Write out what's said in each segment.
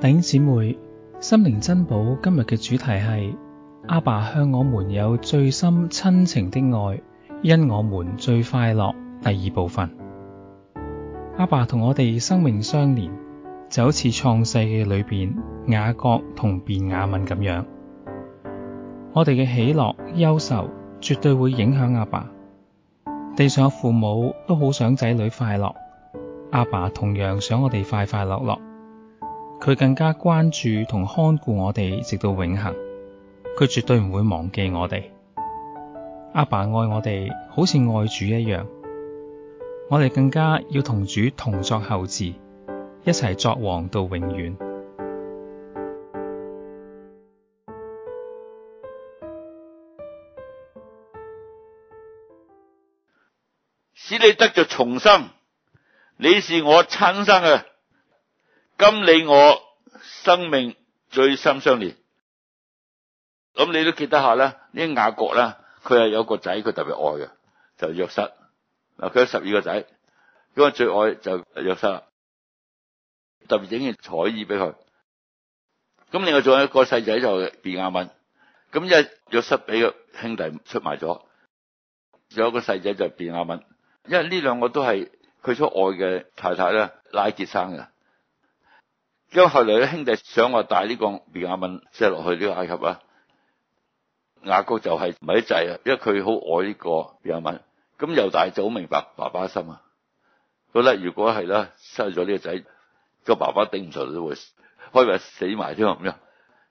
弟兄姊妹，心靈珍寶今日嘅主題係阿爸向我們有最深親情的愛，因我們最快樂。第二部分，阿爸同我哋生命相連，就好似創世嘅裏邊雅各同便雅憫咁樣，我哋嘅喜樂憂愁絕對會影響阿爸。地上的父母都好想仔女快樂，阿爸同樣想我哋快快樂樂。佢更加關注同看顧我哋，直到永恆。佢絕對唔會忘記我哋。阿爸，爸愛我哋，好似愛主一樣。我哋更加要同主同作後嗣，一齊作王到永遠。使你得着重生，你是我親生啊。今你我生命最深相連，咁你都記得下啦？呢雅各呢，佢係有個仔，佢特別愛嘅就約瑟。嗱佢有十二個仔，咁啊最愛就約瑟啦，特別整件彩衣俾佢。咁另外仲有一個細仔就便雅憫，咁因為約瑟俾個兄弟出賣咗，仲有一個細仔就便雅憫，因為呢兩個都係佢所愛嘅太太咧，拉結生嘅。因為後來啲兄弟想話帶呢個便雅憫即係落去呢個埃及啊，雅各就係唔係一制啊，因為佢好愛呢個便雅憫，咁又大就好明白爸爸心啊，好啦，如果係咧失去咗呢個仔，個爸爸頂唔順都會，可能死埋添咁樣，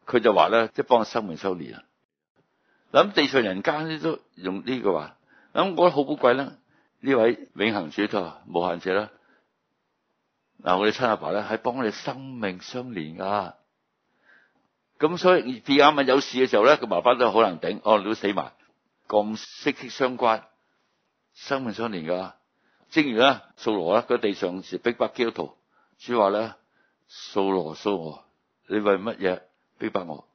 佢就話咧即係幫佢收命收年啊，咁地上人間咧都用呢個話，咁我覺得好寶貴啦，呢位永恆主托無限者啦。嗱，我哋親阿爸咧係幫我哋生命相連噶，咁所以便雅憫有事嘅時候咧，佢爸爸都好難頂，哦，你都死埋，咁息息相關，生命相連噶。正如呢，掃羅呢，佢地上是逼迫基督徒，主話咧，掃羅掃我，你為乜嘢逼迫我？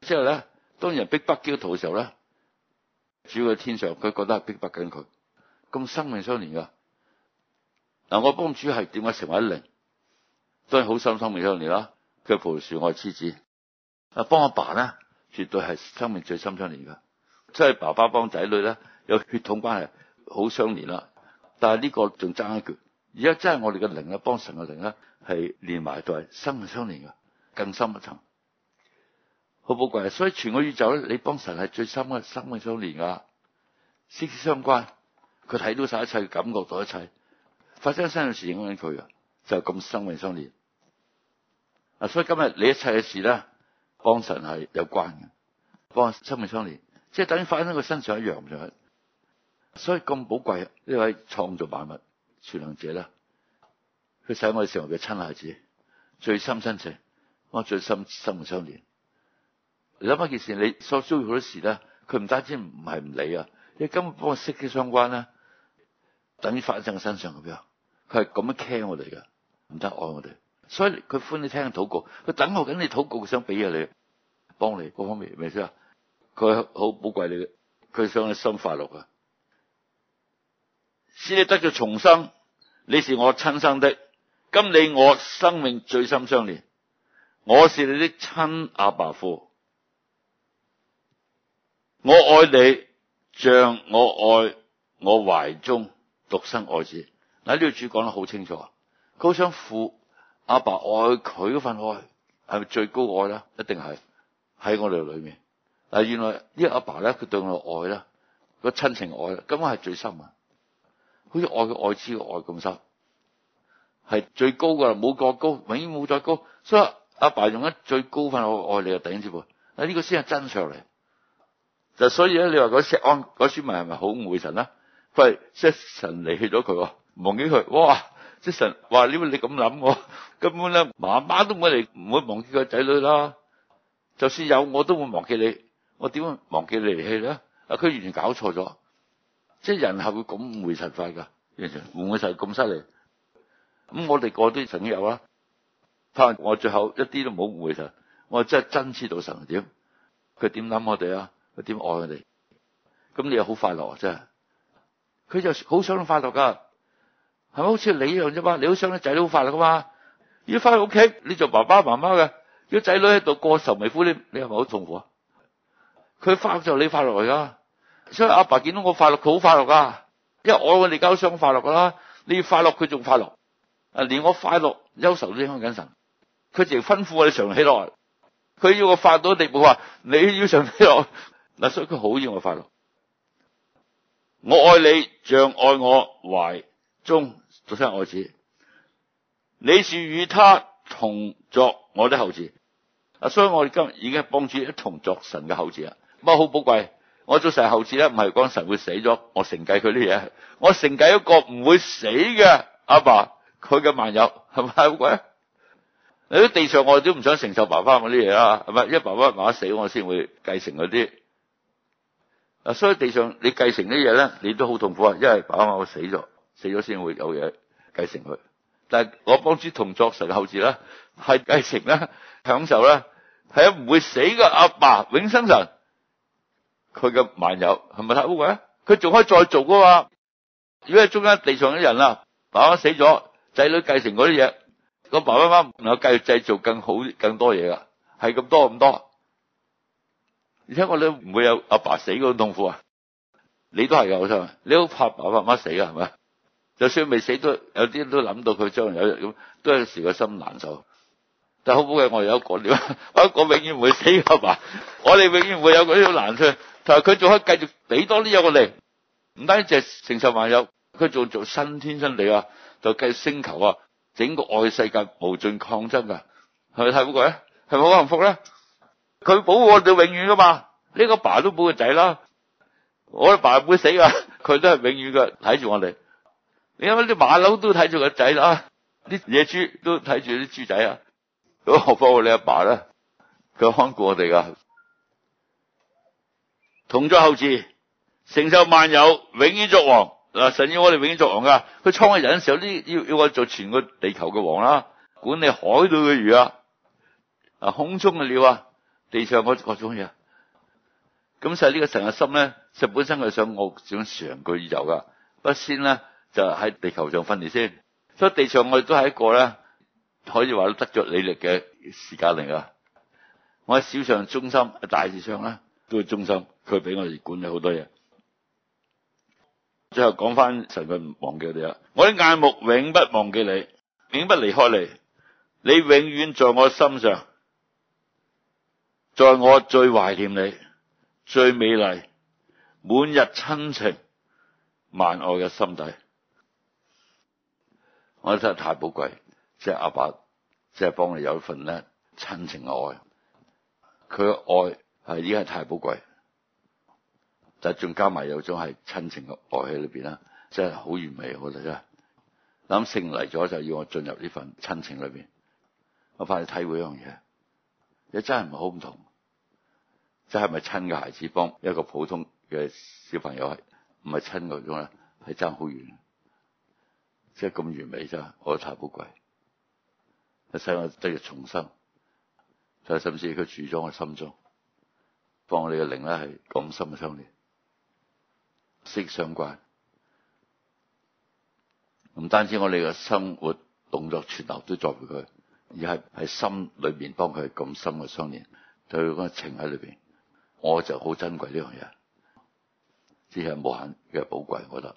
之後咧，當人逼迫基督徒嘅時候咧，主要喺天上佢覺得係逼迫緊佢，咁生命相連噶。嗱、啊，我幫主係點解成為一靈，都係好深心嘅相連啦。佢係葡萄樹，我係枝子啊，幫阿、啊、爸咧，絕對係生命最深相連嘅。即係爸爸幫仔女咧，有血統關係，好相連啦、啊。但係呢個仲爭一拳，而家真係我哋嘅靈咧，幫神嘅靈咧，係連埋係生命相連嘅，更深一層，好寶貴。所以全個宇宙咧，你幫神係最深嘅生命相連噶、啊，息息相關。佢睇到晒一切，感覺到一切。發生喺身上事影響緊佢啊，就咁生命相連啊！所以今日你一切嘅事咧，幫神係有關嘅，幫生命相連，即係等於發生喺佢身上一樣咁上下。所以咁寶貴呢位創造萬物全能者咧，佢使我哋成為佢嘅親孩子，最親、最親情，幫我最深生命相連。諗一件事，你所遭遇，好多事咧，佢唔單止唔係唔理啊，你根本幫我息息相關啦，等於發生喺佢身上咁樣。佢係咁樣 care 我哋噶。唔得愛我哋，所以佢歡你聽佢禱告，佢等候緊你禱告，你禱告想俾嘢你，幫你各方面，明唔明先啊？佢好寶貴你，嘅，佢想你心快樂啊！先至得咗重生，你是我親生的，今你我生命最深相連，我是你的親阿爸父，我愛你像我愛我懷中獨生愛子。喺呢個主講得好清楚，佢想父阿爸愛佢嗰份愛係咪最高的愛啦？一定係喺我哋裏面嗱。原來呢阿爸咧，佢對我愛啦，個親情愛，根本係最深啊！好似愛佢愛子嘅愛咁深，係最高噶啦，冇過高，永遠冇再高。所以阿爸用一最高份愛愛你嘅頂住噃，啊呢個先係真相嚟。就所以咧，你話嗰錫安村民係咪好誤會神咧？佢係神離棄咗佢喎。忘記佢哇！即神話，如果你咁諗，我根本咧，媽媽都唔會嚟，唔會忘記個仔女啦。就算有，我都會忘記你。我點會忘記你離棄咧？啊！佢完全搞錯咗，即係人係會咁誤會神法噶，完全誤會神咁犀利。咁我哋個啲曾經有啦，但我最後一啲都冇誤會神。我真係真知道神點，佢點諗我哋啊？佢點愛我哋？咁你又好快樂啊！真係佢就好想快樂噶、啊。係咪好似你一樣啫嘛？你好想啲仔女好快樂噶嘛？要返去屋企，你做爸爸媽媽嘅，如果仔女喺度過愁眉苦臉，你你係咪好痛苦啊？佢快樂就你快樂嚟噶，所以阿爸見到我快樂，佢好快樂噶，因為我我哋交相快樂噶啦。你快樂佢仲快樂啊！連我快樂憂愁都影響緊神，佢直係吩咐我哋常喜樂。佢要我快到地步話，你要常喜樂嗱，所以佢好要我快樂。我愛你，像愛我懷。懷中做神後子，你是與他同作我的後嗣，啊！所以我哋今日已經係幫主一同作神嘅後嗣啦。乜好寶貴？我做神後嗣咧，唔係講神會死咗，我承繼佢啲嘢。我承繼一個唔會死嘅阿爸，佢嘅萬有係咪好貴？喺地上我哋都唔想承受爸爸啲嘢啦。係咪？因為爸爸媽媽死我先會繼承嗰啲。啊！所以地上你繼承啲嘢咧，你都好痛苦啊，因為爸爸媽媽死咗。死咗先會有嘢繼承佢，但係我幫主同作神嘅後嗣咧係繼承咧享受咧係唔會死嘅阿爸永生神佢嘅萬有，係咪太污鬼？佢仲可以再做噶嘛？如果係中間地上嘅人啦，爸爸媽死咗，仔女繼承嗰啲嘢，個爸爸媽媽唔能夠繼續製造更好更多嘢噶，係咁多咁多。而且我哋唔會有阿爸死嗰種痛苦啊！你都係噶老生，你好怕阿爸媽死噶係咪？就算未死，有人都有啲都諗到佢將來有咁，都有時個心難受。但係好寶貴我有一個料，我一個永遠唔會死，係嘛？我哋永遠會有呢種難處，同係佢仲可以繼續俾多啲有個力唔單止承受萬有，佢做做新天新地啊，就計星球啊，整個愛世界無盡抗爭噶，係咪太寶貴咧？係咪好幸福咧？佢保護我哋永遠噶嘛？呢、這個爸都保個仔啦，我個爸唔會死啊，佢都係永遠嘅睇住我哋。你睇下啲馬騮都睇住個仔啦，啲野豬都睇住啲豬仔啊。都學翻我你阿爸啦，佢看顧我哋噶，同作後嗣，承受萬有，永遠作王。嗱，神要我哋永遠作王噶。佢創嘅人嘅時候，啲要要我哋做全個地球嘅王啦，管理海裏嘅魚啊，啊空中嘅鳥啊，地上各各種嘢。咁實呢個神嘅心咧，就本身係想我想成個宇宙噶，不先啦。就喺地球上分離先，所以地上我哋都係一個咧，可以話得着你力嘅時間嚟噶。我喺小上中心，大事上咧都係中心，佢俾我哋管理好多嘢。最後講翻神，佢唔忘記哋啦。我啲眼目永不忘記你，永不離開你，你永遠在我心上，在我最懷念你、最美麗、滿溢親情、萬愛嘅心底。我真係太寶貴，即係阿爸，即係幫你有一份咧親情嘅愛。佢嘅愛係而家太寶貴，但係仲加埋有種係親情嘅愛喺裏邊啦，真係好完美，我覺得真係諗勝嚟，咗就要我進入呢份親情裏邊，我返去體會一樣嘢，你真係唔係好唔同，即係咪親嘅孩子幫一個普通嘅小朋友係唔係親嗰種咧，係爭好遠。即係咁完美啫，我太寶貴，使我得要重生，甚至佢住咗我心中，我哋嘅靈咧係咁深嘅相連，息息相關。唔單止我哋嘅生活動作、存留都在乎佢，而係喺心裏面幫佢咁深嘅相連，對嗰個情喺裏邊，我就好珍貴呢樣嘢，即係無限嘅寶貴，我覺得。